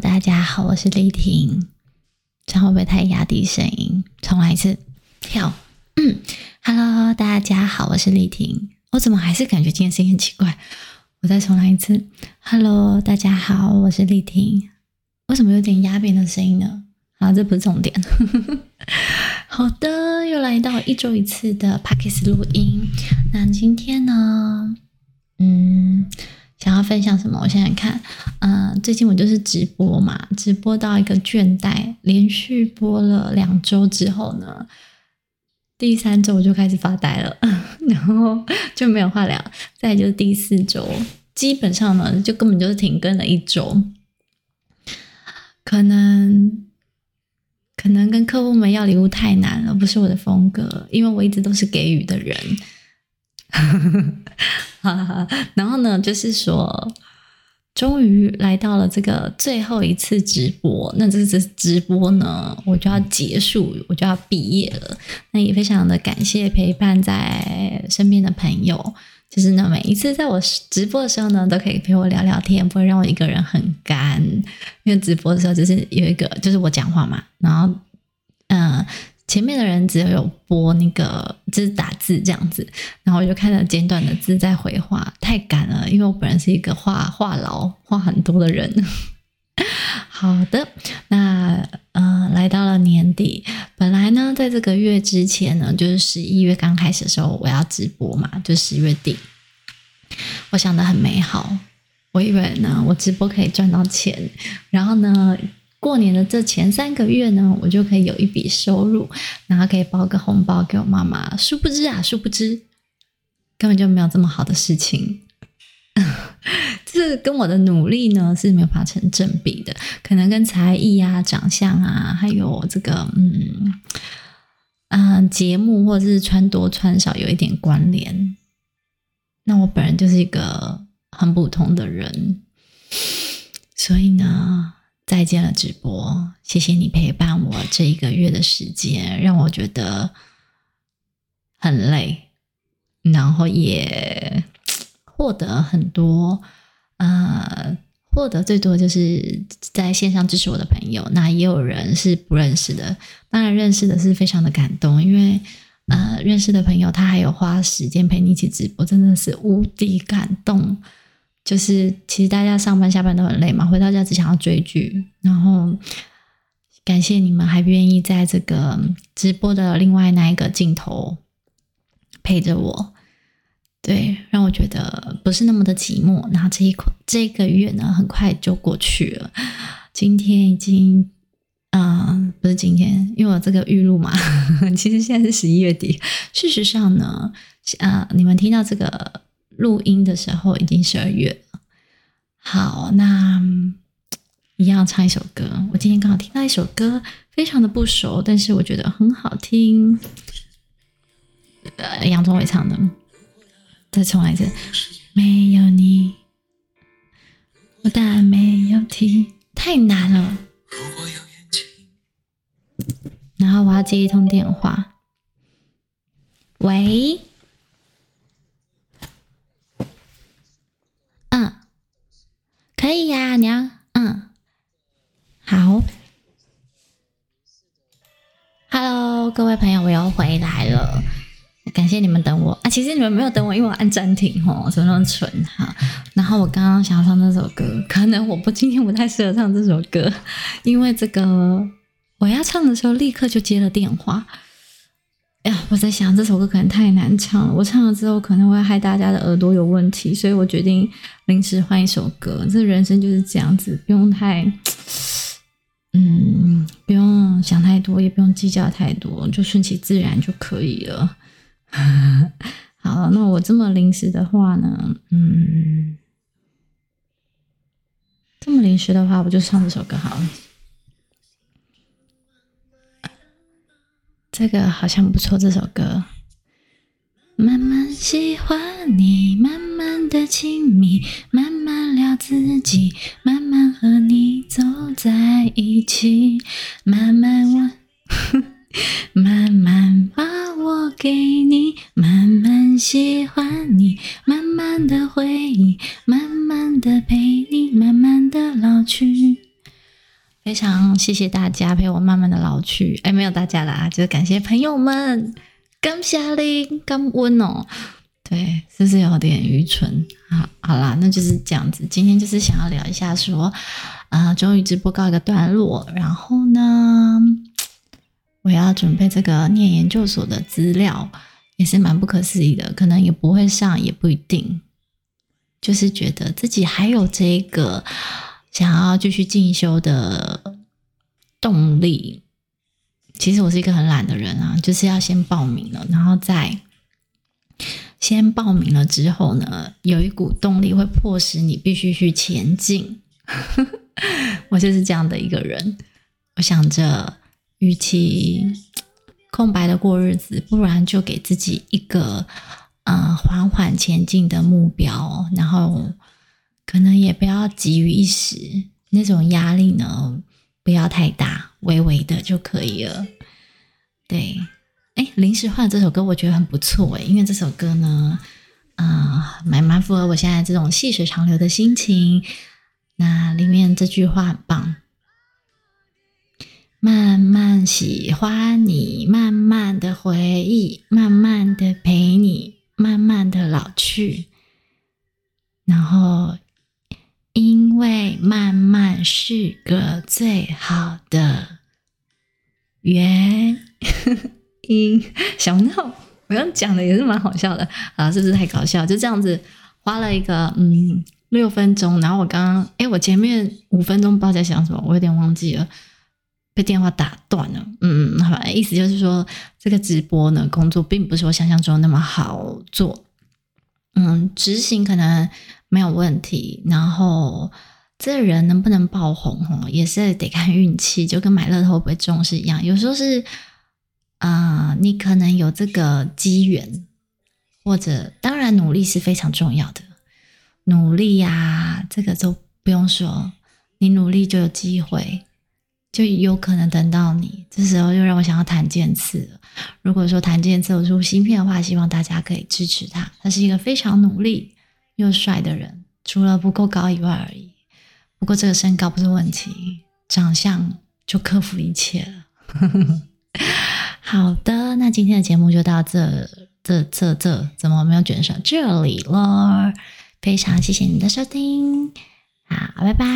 大家好，我是麗婷，這樣會不會太壓低聲音？重來一次，跳、嗯。Hello，大家好，我是麗婷。我怎麼還是感覺今天聲音很奇怪？我再重來一次。Hello，大家好，我是麗婷。為什麼有點壓扁的聲音呢？啊，這不是重點。 好的，又來到一周一次的 Podcast 錄音。那今天呢？嗯。想要分享什麼？我想想看。嗯、呃，最近我就是直播嘛，直播到一個倦怠，連續播了兩周之後呢，第三周我就開始發呆了，然後就沒有話聊。再就是第四周，基本上呢，就根本就是停更了一周。可能可能跟客戶們要禮物太難了，不是我的風格，因為我一直都是給予的人。 啊，然後呢，就是說，終於來到了這個最後一次直播，那這次直播呢，我就要結束，我就要畢業了。那也非常的感謝陪伴在身邊的朋友，就是呢，每一次在我直播的時候呢，都可以陪我聊聊天，不會讓我一個人很乾。因為直播的時候，就是有一個，就是我講話嘛，然後嗯。呃前面的人只要有，有播那個，就是打字這樣子，然後我就看了簡短的字在回話，太趕了，因為我本人是一個話話癆，話很多的人。 好的，那嗯、呃，來到了年底，本來呢，在這個月之前呢，就是十一月剛開始的時候，我要直播嘛，就十月底，我想得很美好，我以為呢，我直播可以賺到錢，然後呢。過年的這前三個月呢，我就可以有一筆收入，然後可以包個紅包給我媽媽。殊不知啊，殊不知，根本就沒有這麼好的事情。 這跟我的努力呢是沒法成正比的，可能跟才藝啊、長相啊，還有這個嗯嗯、呃、節目或者是穿多穿少有一點關聯。那我本人就是一個很普通的人，所以呢。再見了，直播！謝謝你陪伴我這一個月的時間，讓我覺得很累，然後也獲得很多。呃，獲得最多就是在線上支持我的朋友，那也有人是不認識的，當然認識的是非常的感動，因為呃，認識的朋友他還有花時間陪你一起直播，真的是無敵感動。就是其實大家上班下班都很累嘛，回到家只想要追劇，然後感謝你們還願意在這個直播的另外那一個鏡頭陪着我，對，讓我覺得不是那麼的寂寞。然後這一這個月呢很快就過去了，今天已經啊、呃、不是今天，因為我這個預錄嘛，其實現在是十一月底。事實上呢，啊，你們聽到這個。錄音的時候已經十二月了，好，那一樣唱一首歌。我今天剛好聽到一首歌，非常的不熟，但是我覺得很好聽。呃，楊宗緯唱的，再重來一次。沒有你，我當然沒有聽，太難了。然後我要接一通電話。喂。各位朋友，我又回來了，感謝你們等我啊！其實你們沒有等我，因為我按暫停哦，怎麼那麼蠢哈、啊？然後我剛剛想要唱這首歌，可能我不今天不太適合唱這首歌，因為這個我要唱的時候立刻就接了電話。哎、呃、呀，我在想這首歌可能太難唱了，我唱了之後可能會害大家的耳朵有問題，所以我決定臨時換一首歌。這人生就是這樣子，不用太。嗯，不用想太多，也不用計較太多，就順其自然就可以了。 好，那我這麼臨時的話呢？嗯，這麼臨時的話，我就唱這首歌好了。這個好像不錯，這首歌，慢慢。喜歡你，慢慢的親密，慢慢聊自己，慢慢和你走在一起，慢慢我，慢慢把我給你，慢慢喜歡你，慢慢的回憶，慢慢的陪你，慢慢的老去。非常謝謝大家陪我慢慢的老去，哎，沒有大家了啊，就是感謝朋友們。剛下嘞，剛溫哦，對，是不是有點愚蠢？好，好啦，那就是這樣子。今天就是想要聊一下說，說、呃、啊，終於直播告一個段落。然後呢，我要準備這個念研究所的資料，也是蠻不可思議的。可能也不會上，也不一定。就是覺得自己還有這個想要繼續進修的動力。其實我是一個很懶的人啊，就是要先報名了，然後再先報名了之後呢，有一股動力會迫使你必須去前進。 我就是這樣的一個人。我想着，與其空白的過日子，不然就給自己一個呃緩緩前進的目標，然後可能也不要急於一時，那種壓力呢，不要太大。微微的就可以了。對，哎，臨時換這首歌，我覺得很不錯哎，因為這首歌呢，啊、呃，蠻蠻符合我現在這種細水長流的心情。那裡面這句話很棒，慢慢喜歡你，慢慢的回憶，慢慢的陪你，慢慢的老去，然後。因為慢慢是個最好的原因， 想不到我剛講的也是蠻好笑的啊！是不是太搞笑？就這樣子花了一個嗯六分鐘，然後我剛剛哎，我前面五分鐘不知道在想什麼，我有點忘記了，被電話打斷了。嗯，好吧，意思就是說這個直播呢，工作並不是我想象中那麼好做。嗯，執行可能。沒有問題，然後這個、人能不能爆紅哦，也是得看運氣，就跟買樂透會不會中是一樣。有時候是啊、呃，你可能有這個機緣，或者當然努力是非常重要的，努力呀、啊，這個都不用說，你努力就有機會，就有可能等到你。這時候又讓我想要檀健次。如果說檀健次有出新片的話，希望大家可以支持他，他是一個非常努力。又帥的人，除了不夠高以外而已。不過這個身高不是問題，長相就克服一切了。 好的，那今天的節目就到這，這這這怎麼沒有捲上這裡咯，非常謝謝你的收聽，好，拜拜。